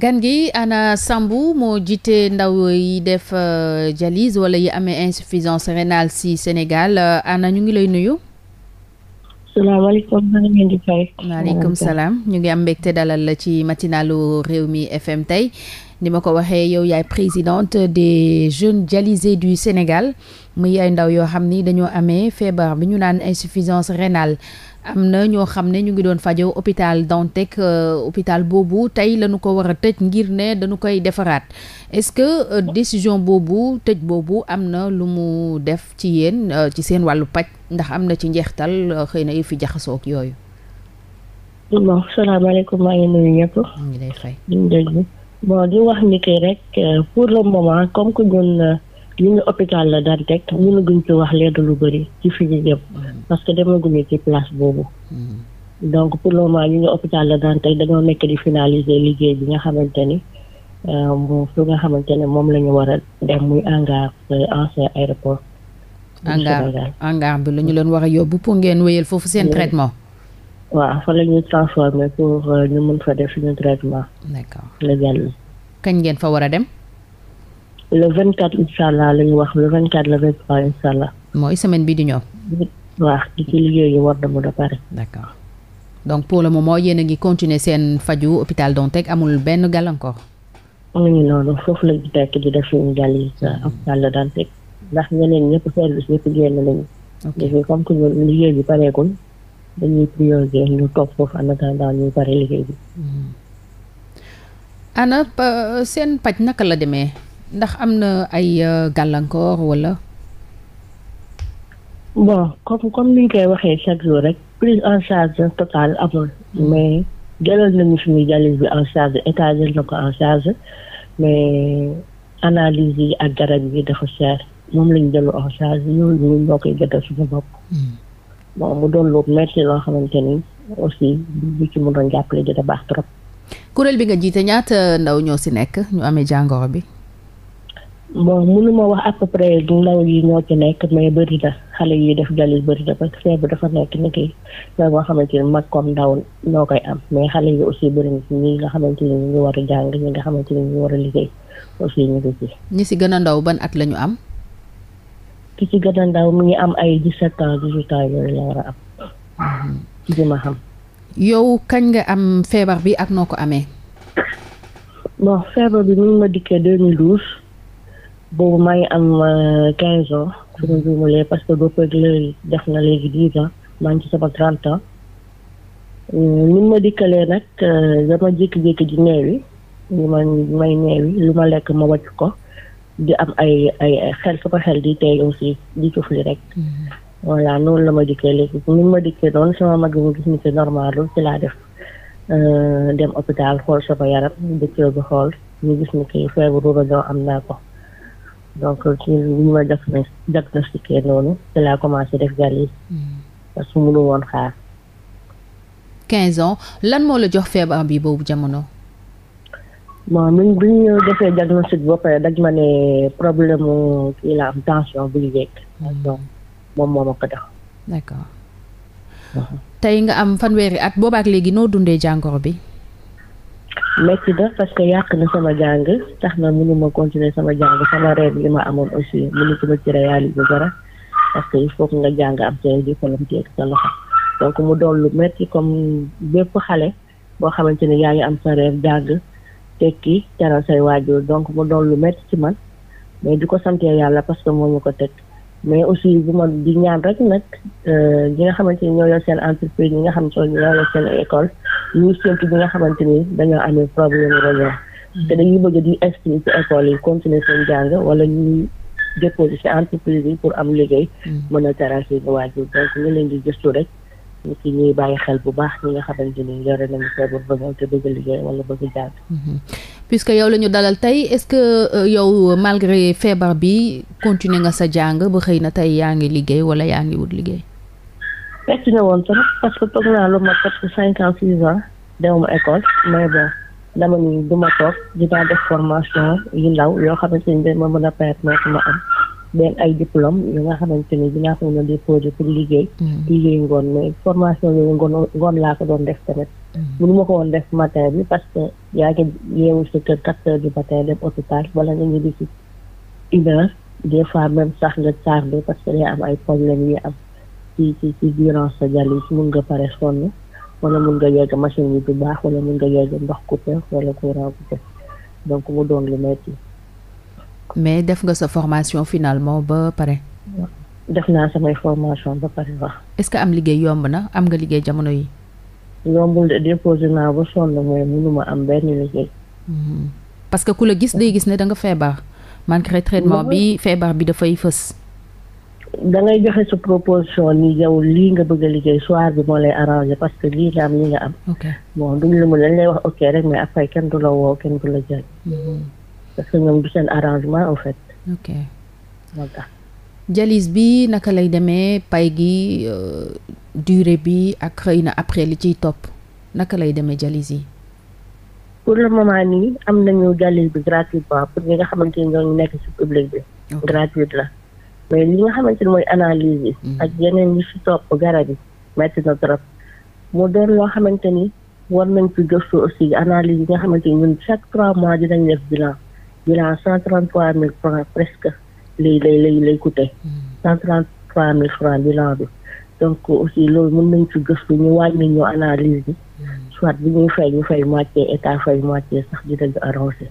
gan gi ànna sambu moo jiite ndaw yi def euh, dialyse wala yi amee insuffisance rénale ci Sénégal euh, ñu ngi lay nuyu. salaamaaleykum maa salaam ñu ngi am mbégte dalal la ci matinalu mi FM tey ni ma ko waxee yow yaay présidente des jeunes dialysés du Sénégal mu ay ndaw yoo xam ni dañoo amee feebar bi ñu naan insuffisance rénale. am na ñoo xam ne ñu ngi doon fajoo hôpital Dantec euh, hôpital boobu tey lañu ko war a tëj ngir ne dañu koy defaraat est-ce que euh, décision boobu tëj boobu am na lu mu def ci yéen euh, ci seen wàllu paj ndax am na ci njeextal xëy na yi fi jaxasoo ak yooyu. bon salaamaaleykum maa ngi nuyu ñëpp. ñu ngi lay fay. bon li nga hôpital la daan teg mënaguñ ci wax leer lu bëri ci fi ñu jëm parce que demaguñu ci place boobu donc pour le moment ñu ngi hôpital la daan tey dañoo nekk di finaliser liggéey bi nga xamante ni su euh, nga xamante ne moom lañu ñu war a dem muy hangar euh, ancien aéroport hangar hangar bi lañu leen war a yóbbu pour ngeen wéyal foofu seen traitement waaw fa la ñuy transformer pour euh, ñu mën fa def ñu traitement d'accord la kañ ngeen fa war a dem le vingt quatre incha allah la ñu wax le vingt quatre le vingt trois incha mooy semaine bi di ñëw. waaw di ci liggéey yi war na mën a pare. d'accord donc pour le moment yéen a ngi continuer seen faju hôpital Dantec amul benn gàllankoor. amuñu noonu foofu lañu tekk di def suñu gàll yi sa hôpital Dantec ndax ñeneen ñëpp service ñëpp génn nañu. ok léegi comme que ñun liggéey bi pareegul dañuy priorité ñu toog foofu en attendant ñuy pare liggéey bi. Hmm. ana seen paj naka la demee. ndax am na ay euh, gàllankoor wala. bon comme comme ni ñu koy waxee chaque jour rek prise en change totale amul mais jëlal nañu suñuy dialyse bi en charge état jël na ko en charge mais analyse yi ak garab yi dafa cher moom lañu jëlu en charge ñooñu ñun ñoo koy jëndal suñu bopp. Hmm. bon mu doon lu metti loo xamante ni aussi bu ci doon jàppale dina baax trop. kuréel bi nga jiite ñaata ndaw ñoo si nekk ñu amee jàngoro bi. bon mënuma wax à peu près ndaw yi ñoo ci nekk mais bëri na xale yi def jalis bëri na parce feebar dafa nekk ni ki boo xamante ni mag comme ndaw ñoo koy am mais xale yi aussi bëri na ci ñi nga xamante ni ñu ngi war a jàng ñi nga xamante ni war a liggéey aussi ñu ngi ñi si gën ndaw ban at la am. ki ci gën a ndaw mi ngi am ay dix-sept ans dix am. li mhm. ma xam. yow kañ nga am feebar bi ak noo ko amee. ma dikkee 2012. boobu maa ngi am euh, quinze ans su ma juumalee parce que bopp ak def na léegi dix ans maa ngi ci sama trente ans euh, ni ma dikkalee nag euh, dama jékki-jékki di neewi ñu ma may neewi lu ma lekk ma wàcc ko di am ay ay xel sama xel di tey aussi di tufli rek mm-hmm. voilà noonu la ma dikkee léegi ni ma dikkee noonu sama mag bu gis ni que normal ci laa def dem hôpital xool sama yaram docteur bi xool mu gis ni que feebaru rajo am naa ko donc euh, ci ñu ma diagnostiqué noonu ci laa commencé def dialyse hmm. parce que mënu woon xaar quinze ans lan moo la jox feebar bi boobu jamono bon miñ bi ñu defee diagnostic ba pare ma ne problème mu kii la am tension buy yéeg hmm. donc moom moo ma mhm. tey nga am fanweeri at boobaak léegi noo dundee jàngoro bi metti da parce que yàq na sama jàng tax na mënuma continuer sama jàng sama rêve li ma amoon aussi mënutuma ci réaliser dara parce que il faut que nga jàng am sa diplôme ak sa loxo donc mu doon lu metti comme bépp xale boo xamante ne yaa ngi am sa rêve jàng tekki teral say waajur donc mu dool lu metti ci man mais di ko santee yàlla parce que moo ñu ko teg mais aussi bu ma di ñaan rek nag euh, ñi nga xamante ni ñoo yor seen entreprise ñi nga xam soo ñoo yor seen école ñuy séntu ñi nga xamante ni dañoo amee problème réseau te dañuy bëgg di inscrire ci yi continuer seen jàng wala ñuy déposer ci entreprise yi pour am liggéey mm-hmm. mën a teral seen waajur donc ñu leen di gëstu rek ñu ci ñuy bàyyi xel bu baax ñi nga xamante ni yore nañu feebar bëgg te bëgg liggéey wala bëgg jàng mm-hmm. puisque yow la ñu dalal tey est-ce que euh, yow euh, malgré feebar bi continuer nga sa jàng ba xëy na tey yaa ngi liggéey wala yaa ngi wut liggéey fekk na woon parce que toog naa lu ma toog cinq ans six dama ni du ma toog dinaa def formation yu ndaw yoo xamante ni dama mën a permettre ma am benn ay diplôme yi nga xamante ni dinaa ko mën a déposé pour liggéey. Mm-hmm. ngoon formation yooyu ngoon laa ko doon def tamit. Mm-hmm. mënu ma ko woon def matin bi parce que yaa ngi yeewu sa kër quatre heures du matin dem hôpital wala nga ñibbi si une heure des fois même sax nga tardé parce que day am ay problème yi am. ci ci ci violence sociale yi mun nga pare sonn wala mun nga yegg machine yi bu baax wala mun nga yegg ndox coupé wala courant coupé donc mu doon lu metti mais def nga sa formation finalement ba pare. def naa samay formation ba pare wax. est-ce que am liggéey yomb na am nga liggéey jamono yi. yombul de déposé naa ba sonn mooy mënuma am benn liggéey. Hmm. parce que ku la gis day gis ne danga feebar. malgré traitement bi feebar bi dafay fës. da ngay joxe sa proposition ni yow lii nga bëgg liggéey soir bi moo lay arrangé parce que lii nga am lii nga am. bon duñ la mu dañ lay wax ok rek mais après kenn du la woo kenn du la mm-hmm. parce que ñoom du seen arrangement en fait. ok voilà. jalis bi naka lay demee pay gi euh, durée bi ak xëy na après li ciy topp naka lay demee jalis yi. pour le moment nii am nañu jalis bi gratuitement pour ñi nga xamante ni ñoo nekk ci public bi. gratuite la. mais li nga xamante ni mooy analyse mm. ak yeneen yi fi topp garab yi métti na trop. moo doon loo xamante ni war nañ ci gëstu aussi analyse yi nga xamante ni ñun chaque trois mois dinañ def bilan bilan cent trente trois mille francs presque lay lay lay lay coûté. Mm. cent trente trois mille francs bilan bi. donc aussi loolu mën nañ ci gëstu ñu wàññi ñu analyse bi mm. soit bi ñuy fay ñu fay moitié état fay moitié sax di dëgg arrangé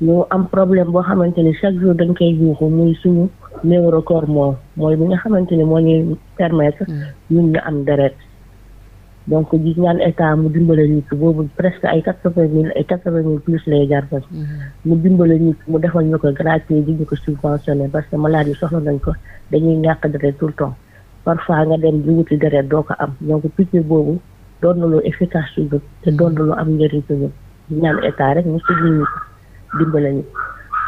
ñu am problème boo xamante ni chaque jour dañ koy yuuxu muy suñu neurocorps moom mooy bi nga xamante ni moo ñuy permettre hmm. ñun ñu am deret donc ji ñaan état mu dimbale nit boobu presque ay quatre-vingt mille ay quatre-vingt mille plus lay jar hmm. mu dimbale nit mu defal ñu ko gratuit di ñu ko subventionné parce que malade yi soxla nañ ko dañuy ñàkk deret tout le temps parfois nga dem di wuti deret doo ko am donc piqûre boobu doon na lu efficace ci te doon na lu am njëriñ ci ñaan état rek ñu si ñu dimbale ñu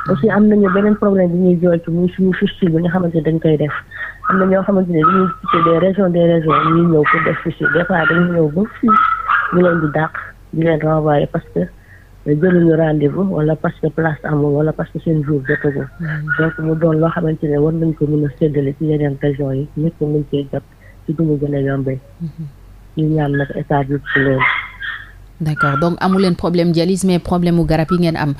aussi am nañu beneen problème bi ñuy jooytu muy suñu fistule bi nga xamante ne dañ koy def am na ñoo xamante ne dañuy quitté des régions des régions ñuy ñëw pour def fistule des fois dañuy ñëw ba fii ñu leen di dàq di leen renvoyé parce que jëluñu rendez-vous wala parce que place amul wala parce que seen jour jotagul mm-hmm. donc mu doon loo xamante ne war nañ ko mën a séddale ci yi ñëpp ko mën cee jot ci dumu gën yombee mm-hmm. ñu ñaan nag état bi ci loolu d'accord donc amu leen problème dialyse mais problème garab yi ngeen am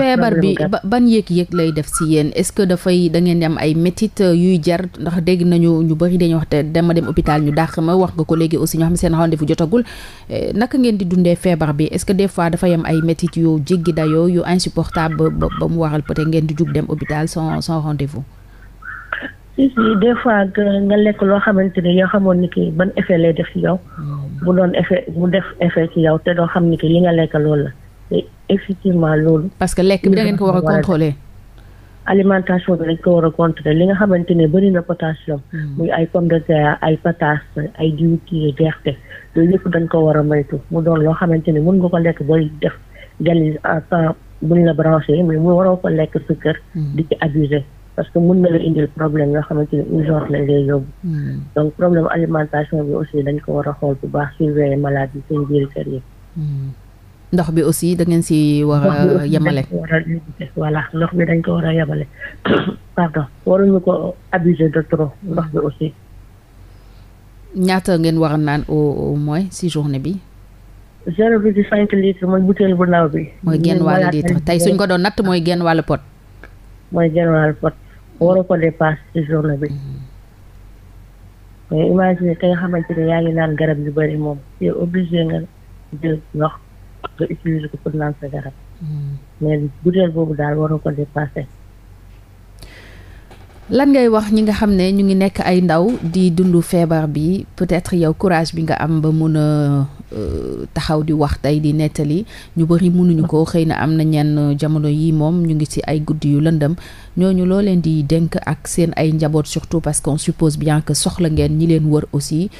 feebar bi ban yëg-yëg lay def si yéen est-ce que dafay da ngeen ay métit euh, yuy jar ndax dégg nañu ñu bëri dañu wax te dama dem hôpital ñu dàq ma wax nga ko léegi aussi ñoo xam ne seen rendez-vous jotagul euh, naka ngeen di dundee feebar bi est-ce que des fois dafay am ay métit yu jéggi dayoo yu insupportable ba ba mu waral peut ngeen di jug dem hôpital sans sans rendez-vous si si des nga lekk loo xamante ni yoo xamoon ni ki ban effet lay def ci yow bu hmm. doon mu def effet yow te doo xam ni li nga lekk loolu la te effectivement loolu. parce que lekk bi da ngeen ko war a contrôler. alimentation bi dañ ko war a contrôler li nga xamante ne bëri na potassium. Hmm. muy ay pomme de terre ay pataas ay diwtiir gerte loolu yëpp dañ ko war a moytu mu doon loo xamante ne mën nga ko lekk booy def dialyse à temps buñ la branché mais mu waroo ko lekk sa kër. Hmm. di ci abusé. parce que mun na la indil problème yoo xamante ni urgence lañ lay yóbbu. Hmm. donc problème alimentation bi aussi dañ ko war a xool bu baax surveiller maladie seen biir kër yi. ndox bi aussi da ngeen si war a yemale voilà ndox bi dañ ko war a yemale pardon waruñu ko abuser de trop ndox bi aussi ñaata ngeen war naan au moins si journée bi zéro virgule cinq litre mooy butéel bu ndaw bi mooy genn wàll litre tey suñ ko doon natt mooy genn wàllu pot mooy genn wàllu pot waroo ko dépasse ci journée bi mm-hmm. mais imagine ka nga xamante ne yaa ngi naan garab yu bari moom c'est obligé nga jël ndox nga utiliser ko pour naan sa garab mais butéel boobu daal waroo ko dépasser lan ngay wax ñi nga xam ne ñu ngi nekk ay ndaw di dundu feebar bi peut-être yow courage bi nga am ba mun a euh, taxaw di wax tey di nettali ñu bari bëri mënuñu ko xëy na am na ñenn jamono yi moom ñu ngi ci ay guddi yu lëndëm ñooñu loo leen di dénk ak seen ay njaboot surtout parce qu'on suppose bien que soxla ngeen ñi leen wër aussi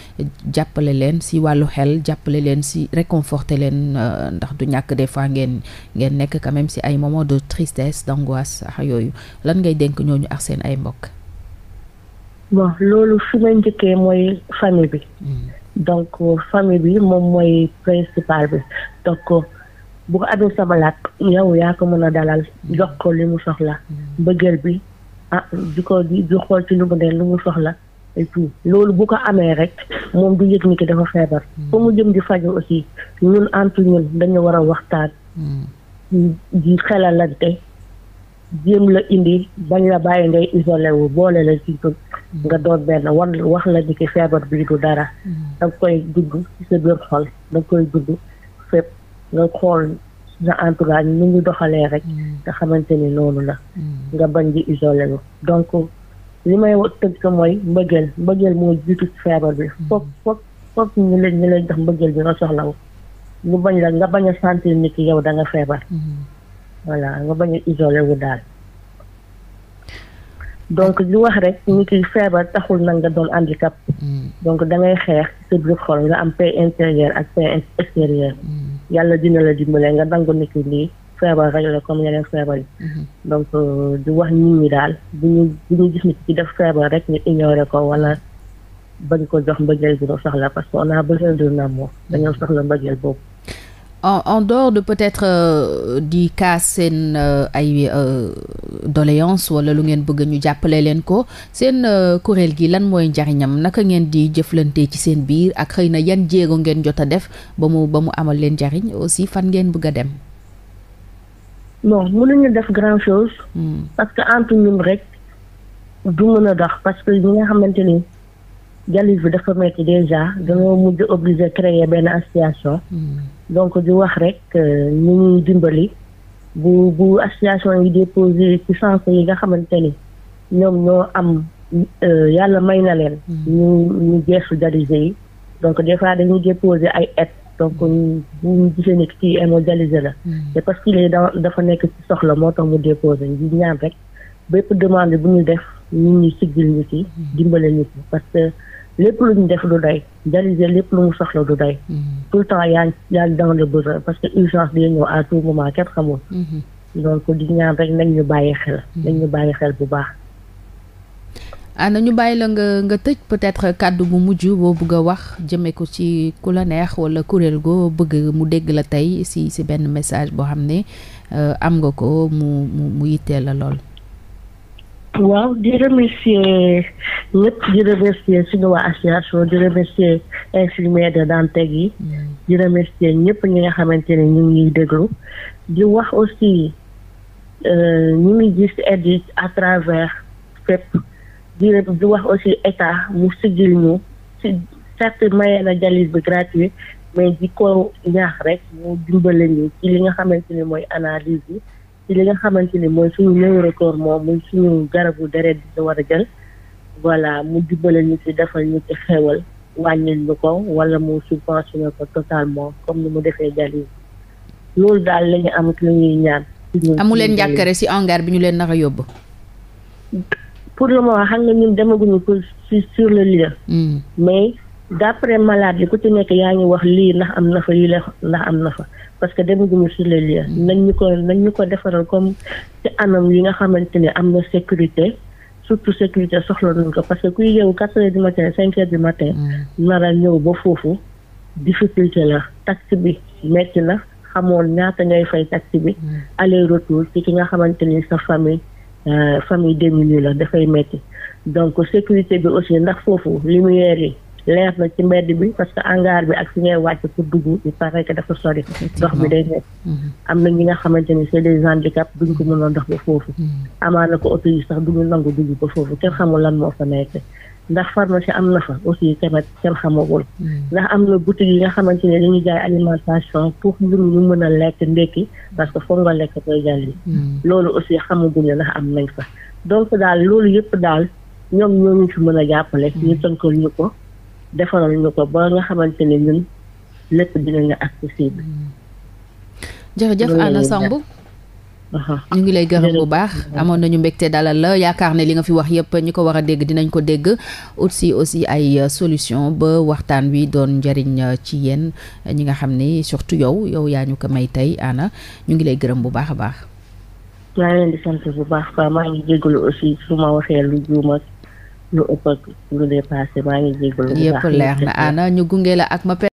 jàppale leen ci wàllu xel jàppale leen ci réconforter leen euh, ndax du ñàkk des fois ngeen ngeen nekk quand même ci ay moment de tristesse d'angoisse yooyu lan ngay dénk ñooñu ak seen ay mbokk bon loolu fi may njëkkee mooy famille bi hmm. donc famille bi moom mooy principal bi donc bu ko amee sama laaj yow yaa ko mën a dalal hmm. jox ko li mu soxla hmm. mbëggeel bi ah di ko di xool ci lu mu ne lu mu soxla loolu bu ko amee rek moom du yëg ni ki dafa feebar ba mu jëm gi faju aussi ñun entre ñun dañu war a waxtaan di xelalante jéem la indi bañ la bàyyi ngay isolewu boole la ci nga doon benn wan wax la ni ki feebar bii du dara mm. da koy dugg ci sa xol da koy dund fépp nga xool sa entourage ni ñu doxalee rek mm. nga xamante ni noonu la mm. nga bañ di isolé wu donc li may tënk mooy mbëggeel mbëggeel moo jiitu feebar bi foog foog foog ñu leen ñu leen jox mbëggeel bi nga soxlawu ñu bañ la nga bañ a sentir ni ki yow da nga feebar voilà nga bañ a isolé wu daal donc li wax rek nit ki feebar taxul na nga doon handicap hmm. donc da ngay xeex ci sa biir xol nga am paix intérieure ak paix extérieure hmm. yàlla dina la dimbale nga nangu nit ki lii feebar rek la comme feebar yi hmm. donc euh, di wax nit ñi daal bu ñu bu ñu gis nit ki def feebar rek ñu ignorer ko wala bañ ko jox mbëggeel bi ñu soxla parce que on a besoin d'un amour dañoo soxla mbëggeel boobu en en dehors de peut euh, di cas seen euh, ay doléance wala lu ngeen bëgg ñu jàppale leen ko seen euh, kuréel gi lan mooy njariñam naka ngeen di jëflante ci seen biir ak xëy na yan jéego ngeen jot a def ba mu ba mu amal leen njariñ aussi fan ngeen bëgg a dem. bon mënuñu def grand chose. Hmm. parce que entre ñun rek du a dox parce que ñi nga xamante ni dialyse bi dafa metti déjà dañoo mujj obligé créer benn association. Hmm. donc di wax rek euh, ñu ñuy dimbali. bu bu association yi déposé ci centre yi nga xamante ni ñoom ñoo am euh, yàlla may na leen mm-hmm. ñu ñu geestu dialysé yi donc des fois dañuy déposé ay aide donc ñu mm-hmm. ñu gisee ne kii hémodialysé la mm-hmm. te parce que il dafa nekk ci soxla moo tax mu déposé ñu ñaan rek bépp demande bu ñu def ñu ñu siggil ñu ci dimbale ñu ci parce que lépp lu ñu def du doy dialysé lépp lu mu soxla du doy. Mm-hmm. tout le temps yaa ngi yaa ngi dans le besoin parce que urgence day ñëw à tout moment kenn xamul. Mm-hmm. donc di ñaan rek nañ ñu bàyyi xel. Mm-hmm. nañ ñu bàyyi xel bu baax. ana ah, ñu bàyyi la nga nga tëj peut-être kàddu bu mujj boo bëgg a wax jëmee ko ci ku la neex wala kuréel goo bëgg mu dégg la tey si si benn message boo xam ne euh, am nga ko mu mu mu yittee la lool. waaw di remercier ñëpp di remercier suñu waa association di remercier infirmier de Dantec yi mm. di remercier ñëpp ñi nga xamante ne ñu ngi déglu di wax aussi euh, ñu ngi gis aide yi à travers fépp di di wax aussi état mu sigil ñu si certes mayee na dialyse bi gratuit mais di ko ñaax rek mu dimbale ñu ci li nga xamante ne mooy analyse yi ci li nga xamante ni mooy suñu neurocorps moom muy suñu garabu deret bi ñu war a jël voilà mu jubbale ñu ci defal ñu ci xewal wàññil ñu ko wala mu subventionné ko moom comme ni mu defee jalis loolu daal la ñu am lu ñuy ñaan amu leen njàkkare si engare bi ñu leen naka yóbbu pour le moment xam nga ñun demaguñu ko sur le lieu hmm. mais d'après malade yi ku ci nekk yaa ngi wax lii ndax am na fa lii la ndax am na fa parce que dem guñu sur les lieux nañ ñu ko nañ ñu ko defaral comme ci anam yi nga xamante ni am na sécurité surtout sécurité soxla nañ ko parce que kuy yeewu quatre heures du matin cinq heures du matin mm. nar ñëw ba foofu difficulté la taxi bi metti na xamoon ñaata ngay fay taxi bi mm. aller ci ki nga xamante ni sa famille euh, famille démunie la dafay metti donc sécurité bi aussi ndax foofu lumière yi leer na ci mbedd bi parce que engar bi ak fi ngay wàcc pour dugg il paraît que dafa sori dox bi day nekk mhm. am na ñi nga xamante ni c'est des handicaps duñ ko mënoon dox ba foofu mhm. amaana ko oto sax duñu nangu dugg ba foofu kenn xamul lan moo fa nekk ndax pharmacie am na fa aussi tamit kenn xamagul mhm. ndax am na boutique yi nga xamante ne dañuy jaay alimentation pour mbir ñu mën a lekk ndekki parce que foog nga lekk koy jàlli loolu aussi xamaguñu ndax am nañ fa donc daal loolu yëpp daal ñoom ñoo ñu ci mën a jàppale ñu tënkal ñu ko defaral ñu ko ba nga xamante ne ñun lépp dina nga accessible. jërëjëf Anna Samb ñu ngi lay gërëm bu baax amoon nañu mbégte dalal la yaakaar ne li nga fi wax yépp ñi ko war a dégg dinañ ko dégg aussi aussi ay euh, solution ba waxtaan wi doon njariñ euh, ci yéen ñi nga xam ni surtout yow yow yaa ñu ko may tey Anna ñu ngi lay gërëm bu baax a baax waxee lu juum lu ëpp ak lu dépassé maa ngi jégalu. yëpp na ana ñu gunge ak ma.